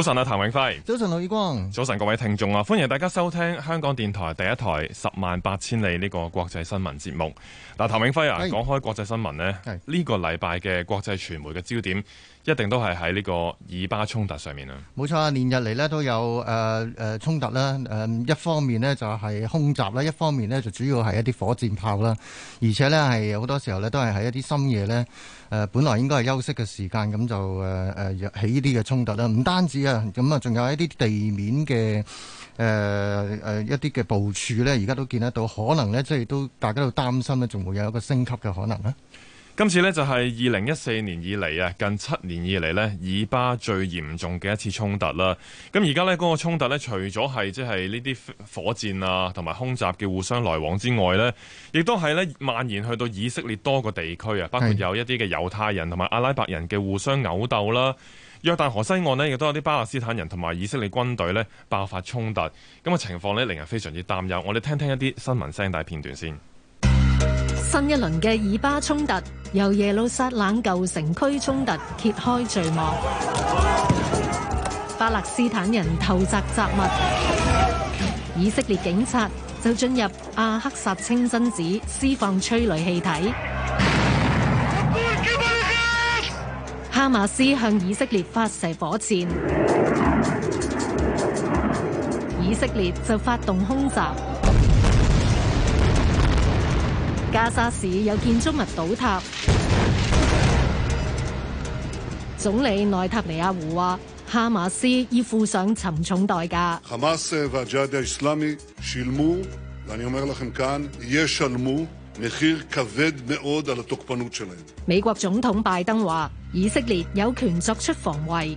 早晨啊，譚永輝。早晨，劉宇光。早晨，各位聽眾啊，歡迎大家收聽香港電台第一台《十萬八千里》呢個國際新聞節目。嗱，譚永輝啊，講、啊、開國際新聞呢，呢、呢個禮拜嘅國際傳媒嘅焦點。一定都係喺呢個以巴衝突上面啊！冇錯啊，連日嚟咧都有誒誒、呃呃、衝突啦，誒一方面呢就係空襲啦，一方面呢就，就主要係一啲火箭炮啦，而且呢，係好多時候呢都係喺一啲深夜呢，誒、呃，本來應該係休息嘅時間，咁就誒誒、呃、起呢啲嘅衝突啦。唔單止啊，咁、呃、啊，仲有一啲地面嘅誒誒一啲嘅部署呢，而家都見得到，可能呢，即、就、係、是、都大家都擔心呢，仲會有一個升級嘅可能啦。今次呢，就係二零一四年以嚟啊，近七年以嚟呢，以巴最嚴重嘅一次衝突啦。咁而家呢，嗰個衝突呢，除咗係即係呢啲火箭啊同埋空襲嘅互相來往之外呢，亦都係呢蔓延去到以色列多個地區啊，包括有一啲嘅猶太人同埋阿拉伯人嘅互相毆鬥啦。約旦河西岸呢，亦都有啲巴勒斯坦人同埋以色列軍隊呢，爆發衝突，咁嘅情況呢，令人非常之擔憂。我哋聽聽一啲新聞聲帶片段先。新一輪嘅以巴衝突由耶路撒冷舊城區衝突揭開序幕，巴勒斯坦人投擲雜物，以色列警察就進入阿克薩清真寺施放催淚氣體， 哈馬斯向以色列發射火箭，以色列就發動空襲。加沙市有建築物倒塌。總理內塔尼亞胡話，哈馬斯要付上沉重代價。美國總統拜登話，以色列有權作出防衛。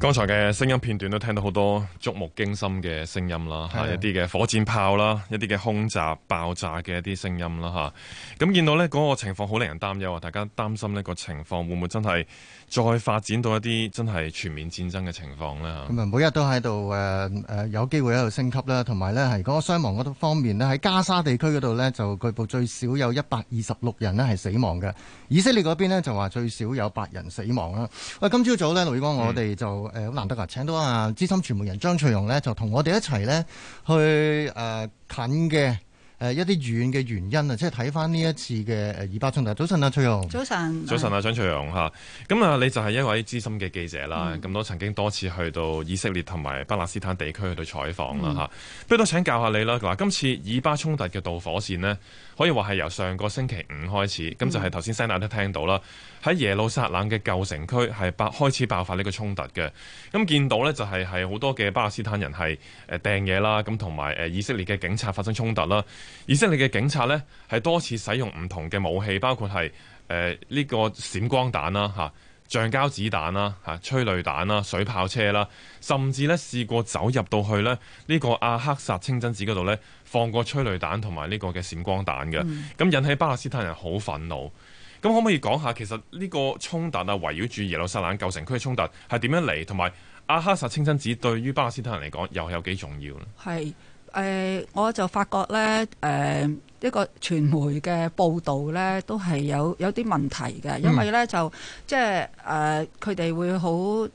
剛才嘅聲音片段都聽到好多觸目驚心嘅聲音啦，吓一啲嘅火箭炮啦，一啲嘅空襲、爆炸嘅一啲聲音啦，吓咁見到呢嗰個情況好令人擔憂啊！大家擔心呢個情況會唔會真係再發展到一啲真係全面戰爭嘅情況呢？吓咁啊，每日都喺度誒誒，有機會喺度升級啦。同埋呢係嗰個傷亡嗰方面呢，喺加沙地區嗰度呢，就據報最少有一百二十六人咧係死亡嘅，以色列嗰邊呢，就話最少有八人死亡啦。喂，今朝早呢，盧宇光，我哋就。誒、呃、好難得啊！請到啊資深傳媒人張翠容呢，就同我哋一齊呢去誒、呃、近嘅誒、呃、一啲遠嘅原因啊，即係睇翻呢一次嘅誒以巴衝突。早晨啊，翠容。早晨。早晨啊，張翠容嚇。咁啊，你就係一位資深嘅記者啦，咁、嗯、都曾經多次去到以色列同埋巴勒斯坦地區去到採訪啦嚇、嗯啊。不如都請教下你啦。嗱，今次以巴衝突嘅導火線呢，可以話係由上個星期五開始，咁就係頭先聲帶都聽到啦。嗯喺耶路撒冷嘅舊城區係爆開始爆發呢個衝突嘅，咁見到呢，就係係好多嘅巴勒斯坦人係誒掟嘢啦，咁同埋誒以色列嘅警察發生衝突啦。以色列嘅警察呢，係多次使用唔同嘅武器，包括係誒呢個閃光彈啦、嚇橡膠子彈啦、嚇催淚彈啦、水炮車啦，甚至呢試過走入到去呢呢個阿克薩清真寺嗰度呢，放過催淚彈同埋呢個嘅閃光彈嘅，咁、嗯、引起巴勒斯坦人好憤怒。咁可唔可以講下其實呢個衝突啊，圍繞住耶路撒冷舊城區嘅衝突係點樣嚟？同埋阿哈薩清真寺對於巴勒斯坦人嚟講又係有幾重要呢係、呃、我就發覺呢誒，一、呃這個傳媒嘅報導呢，都係有有啲問題嘅，因為呢就、呃、即係誒佢哋會好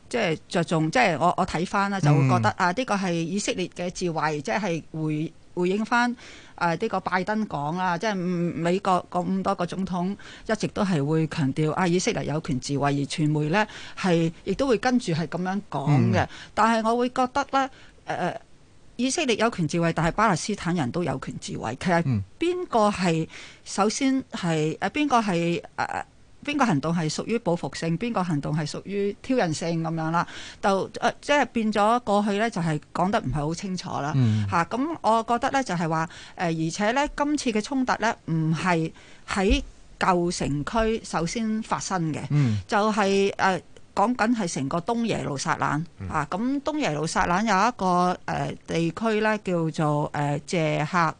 即係著重，即係我我睇翻啦，就會覺得、嗯、啊呢、這個係以色列嘅自衞，即係會。回應翻誒呢個拜登講啊，即係美國咁多個總統一直都係會強調啊，以色列有權自衛，而傳媒呢係亦都會跟住係咁樣講嘅。嗯、但係我會覺得呢、呃，以色列有權自衛，但係巴勒斯坦人都有權自衛。其實邊個係首先係誒邊個係誒？呃邊個行動係屬於報復性，邊個行動係屬於挑釁性咁樣啦，就誒即係變咗過去呢，就係講得唔係好清楚啦咁、嗯啊、我覺得呢，就係話誒，而且呢，今次嘅衝突呢，唔係喺舊城區首先發生嘅、嗯，就係誒講緊係成個東耶路撒冷嚇。咁、啊、東耶路撒冷有一個、呃、地區呢，叫做、呃、謝客。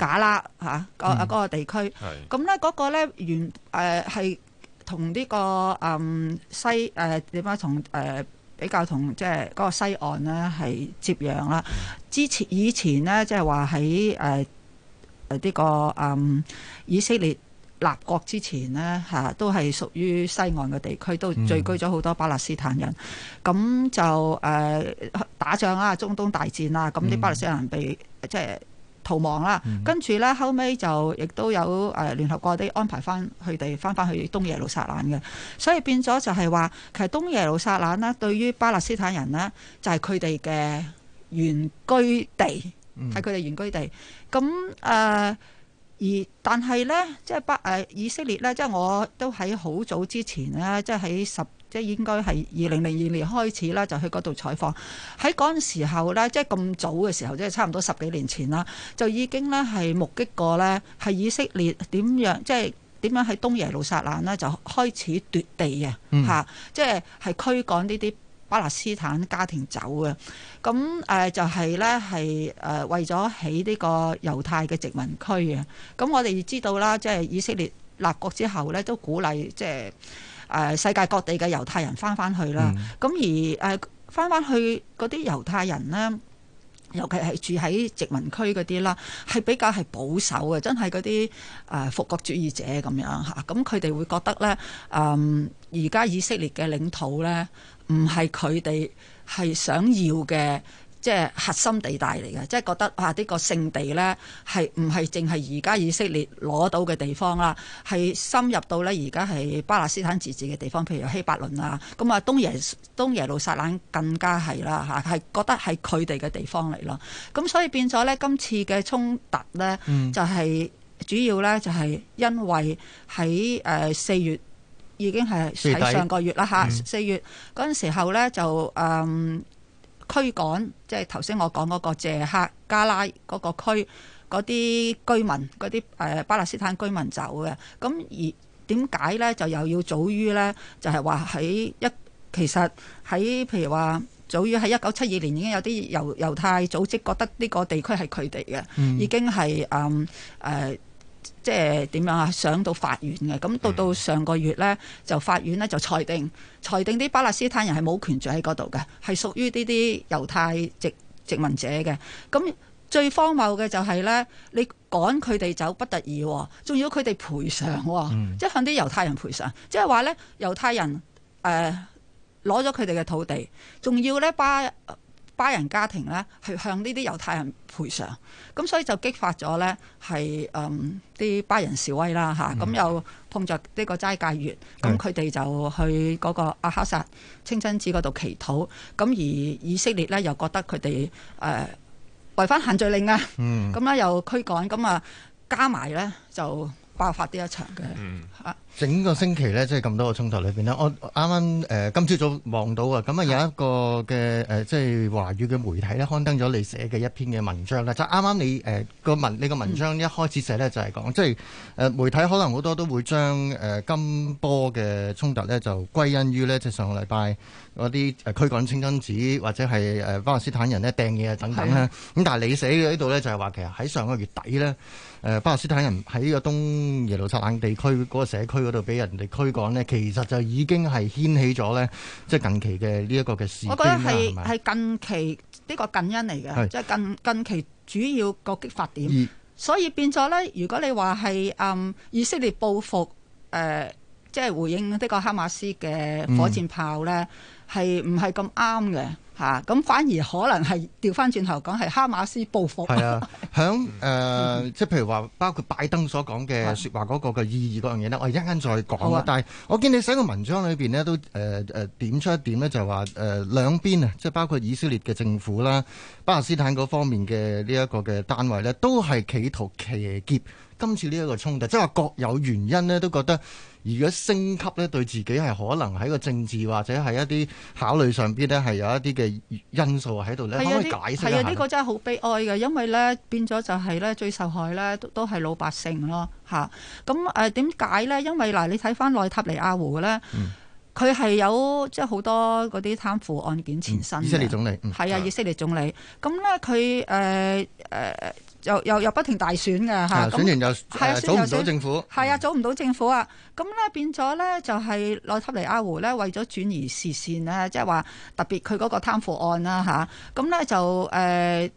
假啦嚇，個、啊、嗰、那個地區，咁、嗯那個、呢嗰、呃這個呢原誒係同呢個誒西誒點解？同、呃、誒比較同即係嗰個西岸呢，係接壤啦。之前以前呢，即係話喺誒誒呢個誒、嗯、以色列立國之前呢，嚇、啊，都係屬於西岸嘅地區，都聚居咗好多巴勒斯坦人。咁、嗯、就誒、呃、打仗啊，中東大戰啊，咁啲巴勒斯坦人被、嗯、即係。逃亡啦，跟住呢，後尾就亦都有誒聯合國啲安排翻佢哋翻翻去東耶路撒冷嘅，所以變咗就係話，其實東耶路撒冷呢對於巴勒斯坦人呢，就係佢哋嘅原居地，係佢哋原居地。咁、呃、而但係呢，即係巴、呃、以色列呢，即係我都喺好早之前呢，即係喺十。即係應該係二零零二年開始啦，就去嗰度採訪。喺嗰陣時候呢，即係咁早嘅時候，即係差唔多十幾年前啦，就已經呢係目擊過呢係以色列點樣，即係點樣喺東耶路撒冷呢就開始奪地嘅嚇、嗯，即係係驅趕呢啲巴勒斯坦家庭走嘅。咁誒就係呢係誒為咗起呢個猶太嘅殖民區嘅。咁我哋知道啦，即係以色列立國之後呢，都鼓勵即係。誒世界各地嘅猶太人翻翻去啦，咁、嗯、而誒翻翻去嗰啲猶太人呢，尤其係住喺殖民區嗰啲啦，係比較係保守嘅，真係嗰啲誒復國主義者咁樣嚇，咁佢哋會覺得呢，嗯，而家以色列嘅領土呢，唔係佢哋係想要嘅。即係核心地帶嚟嘅，即係覺得啊，呢個聖地呢，係唔係淨係而家以色列攞到嘅地方啦？係深入到呢而家係巴勒斯坦自治嘅地方，譬如希伯倫啊，咁啊東耶東耶路撒冷更加係啦嚇，係覺得係佢哋嘅地方嚟咯。咁所以變咗呢，今次嘅衝突呢，嗯、就係、係、主要呢，就係因為喺誒四月已經係喺上個月啦嚇，四月嗰陣、嗯、時候呢，就嗯。驅趕，即係頭先我講嗰個謝克加拉嗰個區嗰啲居民、嗰啲誒巴勒斯坦居民走嘅，咁而點解呢？就又要早於呢，就係話喺一其實喺譬如話早於喺一九七二年已經有啲猶猶太組織覺得呢個地區係佢哋嘅，嗯、已經係誒誒。嗯呃即係點樣啊？上到法院嘅，咁到到上個月呢，就法院呢就裁定，裁定啲巴勒斯坦人係冇權住喺嗰度嘅，係屬於呢啲猶太殖民者嘅。咁最荒謬嘅就係呢：你趕佢哋走不特止，仲要佢哋賠償，即係向啲猶太人賠償，即係話呢猶太人誒攞咗佢哋嘅土地，仲要呢巴。巴人家庭咧，去向呢啲猶太人賠償，咁所以就激發咗咧，係嗯啲巴人示威啦吓，咁、嗯、又碰著呢個齋戒月，咁佢哋就去嗰個阿克薩清真寺嗰度祈禱，咁而以色列咧又覺得佢哋誒違反限聚令啊，咁、嗯、咧又驅趕，咁啊加埋咧就爆發呢一場嘅啊。嗯整個星期咧，即係咁多個衝突裏邊呢。我啱啱誒今朝早望到啊，咁啊有一個嘅誒、呃，即係華語嘅媒體咧刊登咗你寫嘅一篇嘅文章咧，就啱啱你誒個、呃、文你個文章一開始寫咧就係講、嗯，即係誒媒體可能好多都會將誒、呃、金波嘅衝突咧就歸因於呢，即係上個禮拜嗰啲誒驅趕清真寺或者係誒、呃、巴勒斯坦人呢掟嘢啊等等咧，咁、嗯、但係你寫呢度呢，就係話其實喺上個月底呢，誒、呃、巴勒斯坦人喺個東耶路撒冷地區嗰個社區度俾人哋驅趕呢，其實就已經係掀起咗咧，即係近期嘅呢一個嘅事。我覺得係係近期呢、這個近因嚟嘅，即係、就是、近近期主要個激發點。所以變咗呢，如果你話係嗯以色列報復誒，即、呃、係、就是、回應呢個哈馬斯嘅火箭炮呢，係唔係咁啱嘅。是嚇、啊，咁反而可能係調翻轉頭講係哈馬斯報復。係啊，響誒、呃嗯，即係譬如話，包括拜登所講嘅説話嗰個嘅意義嗰樣嘢呢，我一陣再講啊。但係我見你寫個文章裏邊呢，都誒誒點出一點呢，就係話誒兩邊啊，即係包括以色列嘅政府啦、巴勒斯坦嗰方面嘅呢一個嘅單位呢，都係企圖騎劫今次呢一個衝突，即係話各有原因呢，都覺得。如果升級咧，對自己係可能喺個政治或者係一啲考慮上邊咧，係有一啲嘅因素喺度咧，可以解釋下？係啊，呢個真係好悲哀嘅，因為咧變咗就係咧最受害咧都都係老百姓咯嚇。咁誒點解咧？因為嗱，你睇翻內塔尼亞胡咧，佢、嗯、係有即係好多嗰啲貪腐案件前身。以色列總理係啊，以色列總理。咁咧佢誒誒。又又又不停大選嘅嚇、啊，選情又係、啊、政府，係啊，組唔到政府啊，咁、嗯、咧變咗咧就係內塔尼亞胡咧為咗轉移視線咧，即係話特別佢嗰個貪腐案啦嚇，咁、啊、咧就誒、呃、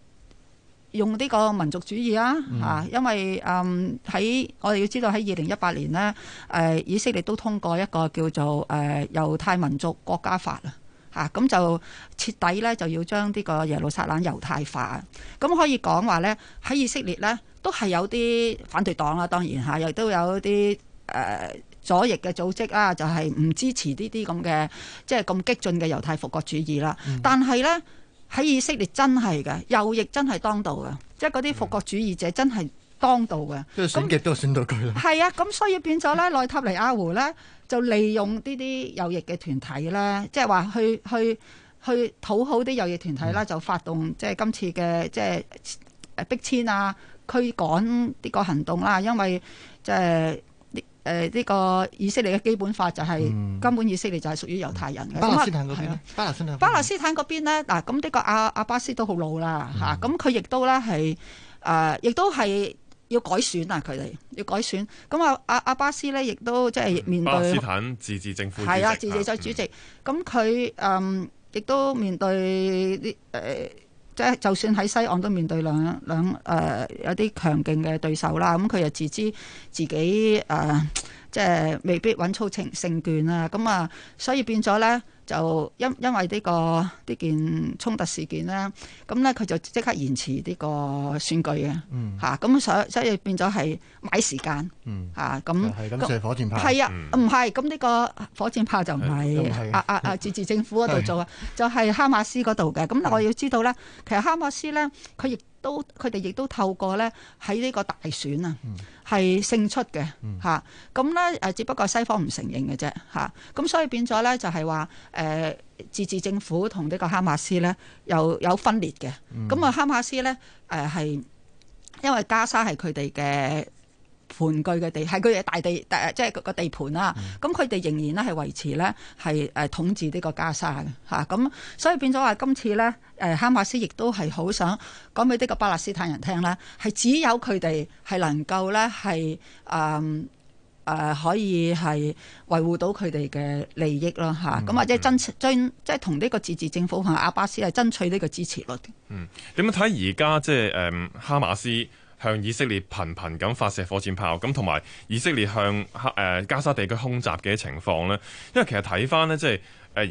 用呢個民族主義啊嚇、啊，因為誒喺、呃、我哋要知道喺二零一八年呢，誒、呃、以色列都通過一個叫做誒、呃、猶太民族國家法啊。嚇、啊、咁就徹底咧，就要將呢個耶路撒冷猶太化。咁可以講話呢，喺以色列呢，都係有啲反對黨啦、啊，當然嚇、啊，亦都有啲誒、呃、左翼嘅組織啦、啊，就係、是、唔支持呢啲咁嘅即係咁激進嘅猶太復國主義啦、嗯。但係呢，喺以色列真係嘅右翼真係當道嘅，即係嗰啲復國主義者真係當道嘅，咁極都選到佢啦。係啊，咁所以變咗咧， 內塔尼亞胡咧就利用呢啲右翼嘅團體咧，即係話去去去討好啲右翼團體啦、嗯，就發動即係、就是、今次嘅即係誒逼遷啊、驅趕呢個行動啦。因為即係誒呢個以色列嘅基本法就係、是嗯、根本以色列就係屬於猶太人嘅、嗯。巴勒斯坦嗰邊咧、啊，巴勒斯坦，巴勒斯坦嗰邊咧嗱，咁、啊、呢個阿阿巴斯都好老啦嚇，咁佢亦都咧係誒，亦、呃、都係。要改選啊！佢哋要改選。咁啊，阿阿巴斯呢亦都即係面對巴勒斯坦自治政府。係啊，自治再主席。咁佢嗯亦、嗯、都面對啲誒，即、呃、係就算喺西岸都面對兩兩誒、呃、有啲強勁嘅對手啦。咁佢又自知自己誒、呃，即係未必穩操勝券啊。咁啊，所以變咗呢。就因因為呢、這個呢件衝突事件啦，咁咧佢就即刻延遲呢個選舉嘅，嚇咁所所以變咗係買時間，嚇、嗯、咁。係、啊、咁，就係、火箭炮。係啊，唔係咁呢個火箭炮就唔係、啊嗯，啊啊啊！自治政府嗰度做，啊， 就係、係、哈馬斯嗰度嘅。咁我要知道咧，其實哈馬斯咧，佢亦。都佢哋亦都透過呢喺呢個大選啊，係勝出嘅嚇。咁呢誒，只不過西方唔承認嘅啫嚇。咁所以變咗呢就係話誒自治政府同呢個哈馬斯呢又有分裂嘅。咁、嗯、啊哈馬斯呢誒係因為加沙係佢哋嘅。盤踞嘅地係佢哋嘅大地，即係個地盤啦。咁佢哋仍然咧係維持呢係誒統治呢個加沙嘅嚇。咁所以變咗話今次呢，誒哈馬斯亦都係好想講俾呢個巴勒斯坦人聽咧，係只有佢哋係能夠呢，係誒誒可以係維護到佢哋嘅利益咯嚇。咁、嗯嗯、或者爭爭即係同呢個自治政府同阿巴斯係爭取呢個支持率。嗯，點樣睇而家即係誒哈馬斯向以色列頻頻咁發射火箭炮，咁同埋以色列向哈誒加沙地區空襲嘅情況呢？因為其實睇返呢，即係誒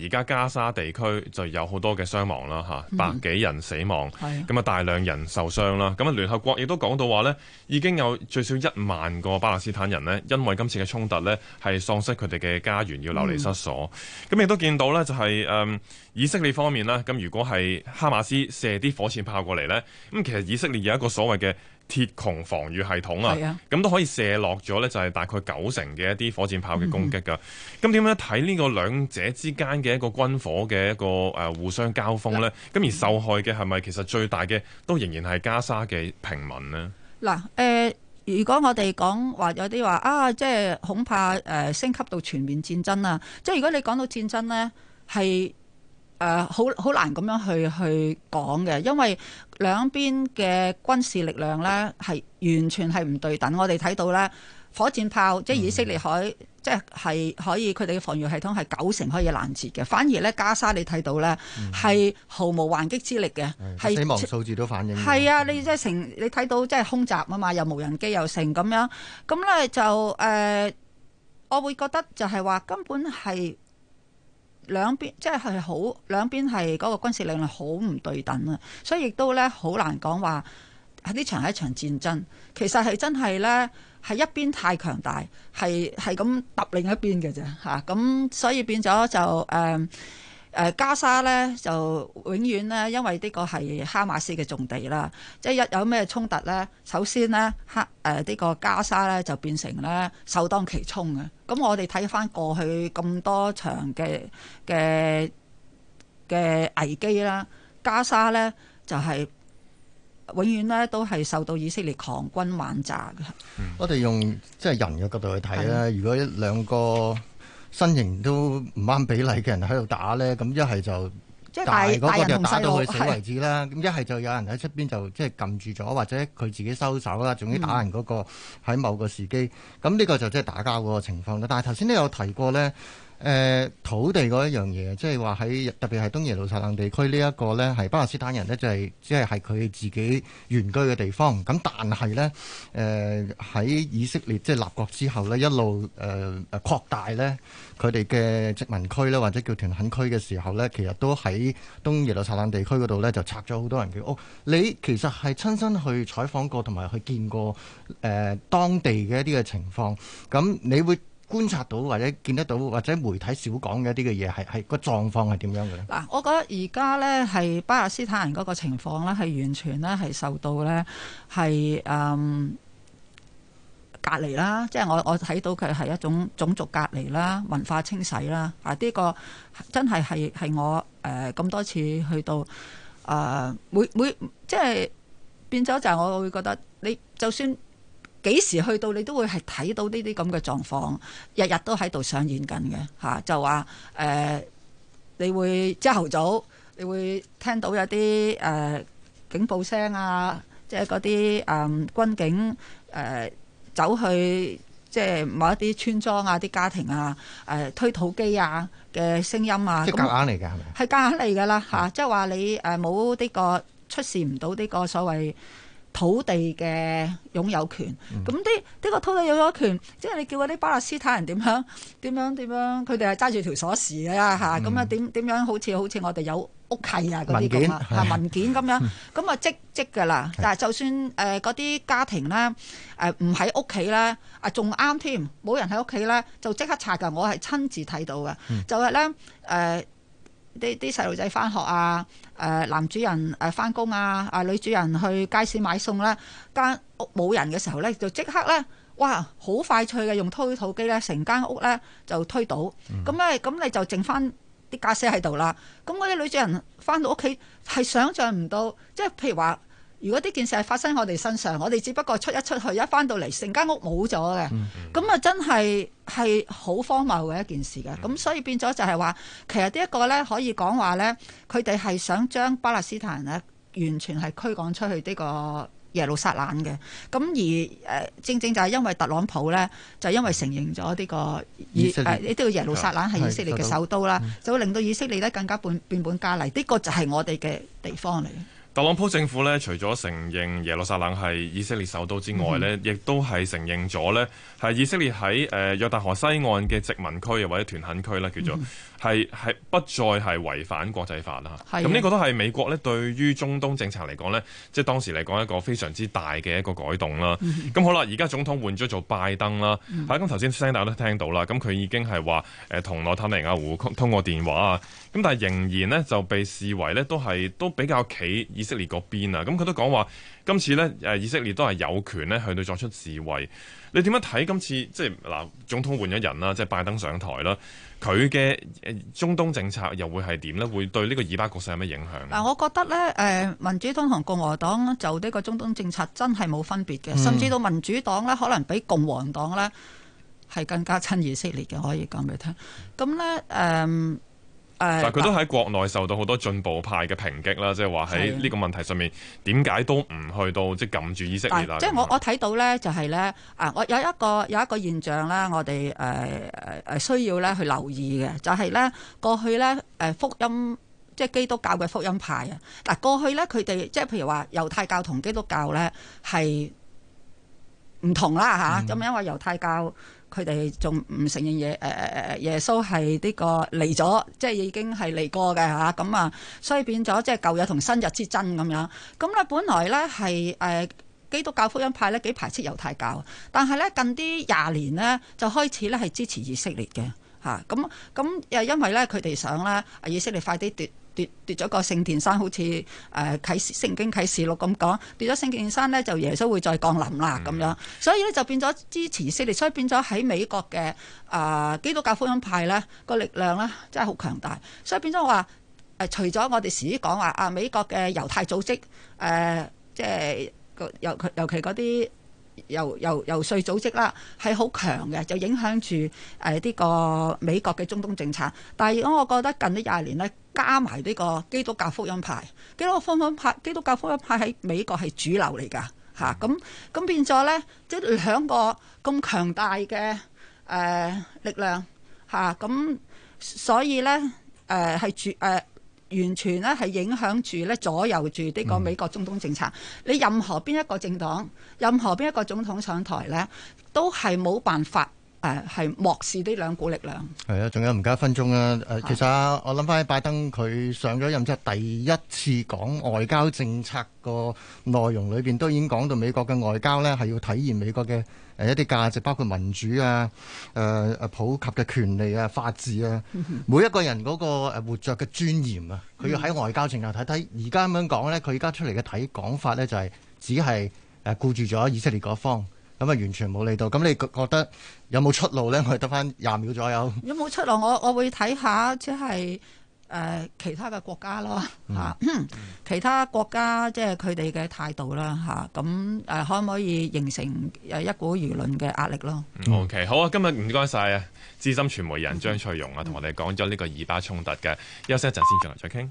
而家加沙地區就有好多嘅傷亡啦，嚇百幾人死亡，咁、嗯、啊大量人受傷啦。咁啊聯合國亦都講到話呢，已經有最少一萬個巴勒斯坦人呢，因為今次嘅衝突呢，係喪失佢哋嘅家園，要流離失所。咁亦都見到呢，就係誒以色列方面啦。咁如果係哈馬斯射啲火箭炮過嚟呢，咁其實以色列有一個所謂嘅鐵穹防禦系統啊，咁都可以射落咗呢，就係、是、大概九成嘅一啲火箭炮嘅攻擊噶。咁、嗯、點樣睇呢個兩者之間嘅一個軍火嘅一個誒、呃、互相交鋒呢？咁、嗯、而受害嘅係咪其實最大嘅都仍然係加沙嘅平民呢？嗱，誒、呃，如果我哋講話有啲話啊，即係恐怕誒升、呃、級到全面戰爭啊！即係如果你講到戰爭呢，係。誒好好難咁樣去去講嘅，因為兩邊嘅軍事力量呢係完全係唔對等。我哋睇到呢火箭炮，即係以色列海，嗯、即係係可以佢哋嘅防禦系統係九成可以攔截嘅，反而呢，加沙你睇到呢係、嗯、毫無還擊之力嘅，係、嗯、死亡數字都反映。係啊，你即係成你睇到即係空襲啊嘛，又無人機又成咁樣，咁呢，就誒、呃，我會覺得就係話根本係。兩邊即係好兩邊係嗰個軍事力量好唔對等啊，所以亦都呢好難講話呢場係一場戰爭。其實係真係呢，係一邊太強大，係係咁揼另一邊嘅啫嚇咁，所以變咗就、呃呃、加沙呢就永遠呢，因為呢個係哈馬斯嘅重地啦。即係一有咩衝突呢，首先呢，哈誒呢、呃呢個加沙呢就變成呢首當其衝嘅。咁我哋睇翻過去咁多場嘅嘅嘅危機啦，加沙呢就係、是、永遠呢都係受到以色列狂軍轟炸嘅。我哋用即係人嘅角度去睇呢，如果一兩個，身形都唔啱比例嘅人喺度打咧，咁一係就即係大嗰個就打到佢死為止啦。咁一係就有人喺出邊就即係撳住咗，或者佢自己收手啦。總之打人嗰個喺某個時機，咁呢、嗯、個就即係打交嗰個情況啦。但係頭先都有提過咧。誒土地嗰一樣嘢，即係話喺特別係東耶路撒冷地區呢一個呢，係巴勒斯坦人呢，就係即係係佢自己原居嘅地方。咁但係呢，誒、呃、喺以色列即係、就是、立國之後呢，一路誒誒、呃、擴大呢佢哋嘅殖民區呢，或者叫屯墾區嘅時候呢，其實都喺東耶路撒冷地區嗰度呢，就拆咗好多人嘅屋，哦。你其實係親身去採訪過同埋去見過誒、呃、當地嘅一啲嘅情況，咁你會觀察到或者見得到或者媒體少講嘅一啲嘅嘢係係個狀況係點樣嘅咧？嗱，我覺得而家咧係巴勒斯坦人嗰個情況咧係完全咧係受到咧係誒隔離啦，即、就、係、是、我我睇到佢係一種種族隔離啦、文化清洗啦啊！呢、這個真係係係我誒咁、呃、多次去到誒、呃、每每即係變咗就係我會覺得你就算。幾時去到你都會係睇到呢啲咁嘅狀況，日日都喺度上演緊嘅嚇，就話誒、呃，你會朝頭早，你會聽到有啲誒警報聲啊，即係嗰啲誒軍警誒、呃、走去即係某一啲村莊啊、啲家庭啊、誒、呃、推土機啊嘅聲音啊，即係夾硬嚟㗎，係咪？係夾硬嚟㗎啦嚇，即係話你誒冇呢個出示唔到呢個所謂。土地嘅擁有權，咁啲呢個土地擁有權，即、就、係、是、你叫嗰啲巴勒斯坦人點樣點樣點樣，佢哋係揸住條鎖匙㗎啦嚇，咁、嗯、樣點點樣好似好似我哋有屋契啊嗰啲咁啊，文件咁樣，咁啊、嗯、即即㗎啦，但係就算誒嗰啲家庭咧誒唔喺屋企咧，啊仲啱添，冇人喺屋企咧就即刻拆㗎，我係親自睇到嘅、嗯，就係咧誒。呃啲啲細路仔翻學啊，男主人翻工啊，啊女主人去街市買餸啦，間屋冇人嘅時候咧，就即刻咧，哇，好快脆嘅用推土機咧，成間屋咧就推倒，咁咧咁你就剩翻啲傢俬喺度啦。咁嗰啲女主人翻到屋企係想象唔到，即係譬如話。如果呢件事係發生喺我哋身上，我哋只不過出一出去，一返到嚟成間屋冇咗嘅，咁、嗯、啊、嗯、真係係好荒謬嘅一件事嘅。咁、嗯、所以變咗就係話，其實呢一個呢，可以講話呢，佢哋係想將巴勒斯坦呢完全係驅趕出去呢個耶路撒冷嘅。咁而誒、呃、正正就係因為特朗普呢，就係、因為承認咗呢、這個以呢啲、呃、耶路撒冷係以色列嘅首都啦、嗯，就會令到以色列呢更加變變本加厲。呢、這個就係我哋嘅地方嚟。特朗普政府咧，除咗承認耶路撒冷係以色列首都之外咧，亦、嗯、都係承認咗咧，係以色列喺誒、呃、約旦河西岸嘅殖民區又或者屯墾區啦，叫做。嗯係係不再係違反國際法啦，咁呢個都係美國咧對於中東政策嚟講呢即係、就是、當時嚟講一個非常之大嘅一個改動啦。咁 好啦，而家總統換咗做拜登啦，嚇咁頭先聲大家都聽到啦，咁佢已經係話誒同內塔尼亞胡通通過電話啊，咁但係仍然呢就被視為呢都係都比較企以色列嗰邊啊，咁佢都講話今次呢，誒以色列都係有權呢去到作出自衞。你點樣睇今次即係嗱總統換咗人啦，即係拜登上台啦？佢嘅中東政策又會係點呢？會對呢個以巴局勢有咩影響？嗱、啊，我覺得呢，誒、呃、民主黨同共和黨就呢個中東政策真係冇分別嘅、嗯，甚至到民主黨呢可能比共和黨呢係更加親以色列嘅，可以講俾你聽。咁呢，誒、呃。但佢都喺國內受到好多進步派嘅抨擊啦，即係話喺呢個問題上面點解都唔去到即係撳住以色列啦？即係我我睇到咧，就係咧啊！我看到、就是、有一個有一個現象咧，我哋誒誒需要咧去留意嘅，就係、是、咧過去咧誒、呃、福音即係基督教嘅福音派啊！嗱，過去咧佢哋即係譬如話猶太教同基督教咧係唔同啦吓，咁、嗯、因為猶太教。佢哋仲唔承認耶誒誒誒耶穌係呢個嚟咗，即係已經係嚟過嘅嚇咁啊，所以變咗即係舊日同新日之爭咁樣。咁咧，本來咧係誒基督教福音派咧幾排斥猶太教，但係咧近啲廿年咧就開始咧係支持以色列嘅嚇咁咁誒，又因為咧佢哋想咧以色列快啲奪。奪奪咗個聖殿山，好似誒啟聖經啟示錄咁講，奪咗聖殿山呢，就耶穌會再降臨啦咁樣，所以呢，就變咗支持以色列，所以變咗喺美國嘅啊、呃、基督教福音派呢個力量呢，真係好強大，所以變咗話、呃、除咗我哋時時講話啊美國嘅猶太組織、呃、即係尤尤其嗰啲。由由游，游說組織啦，係好強嘅，就影響住誒呢個美國嘅中東政策。但係如果我覺得近呢廿年呢，加埋呢個基督教福音派，基督教福音派，基督教福音派喺美國係主流嚟噶吓，咁咁變咗呢，即、就、係、是、兩個咁強大嘅誒、呃、力量吓，咁、啊、所以呢，誒、呃、係主誒。呃完全咧係影響住咧，左右住呢個美國中東政策。你任何邊一個政黨，任何邊一個總統上台呢，都係冇辦法。誒係漠視呢兩股力量係啊，仲有唔夠一分鐘啊！誒、呃，其實啊，我諗翻起拜登佢上咗任之後，即係、第一次講外交政策個內容裏邊，都已經講到美國嘅外交咧，係要體現美國嘅誒一啲價值，包括民主啊、誒、呃、誒普及嘅權利啊、法治啊，嗯、每一個人嗰個活著嘅尊嚴啊，佢要喺外交政策睇睇。而家咁樣講咧，佢而家出嚟嘅講法咧，就係只係誒顧住咗以色列嗰方。咁啊，完全冇理到。咁你覺覺得有冇出路咧？我哋得翻廿秒左右。有冇出路？我我會睇下，即係誒，其他嘅國家咯吓、嗯，其他國家即係佢哋嘅態度啦吓。咁誒、呃，可唔可以形成誒一股輿論嘅壓力咯、嗯？OK，好啊，今日唔該晒啊，資深傳媒人張翠容啊，同我哋講咗呢個以巴衝突嘅休息一陣先，入嚟再再傾。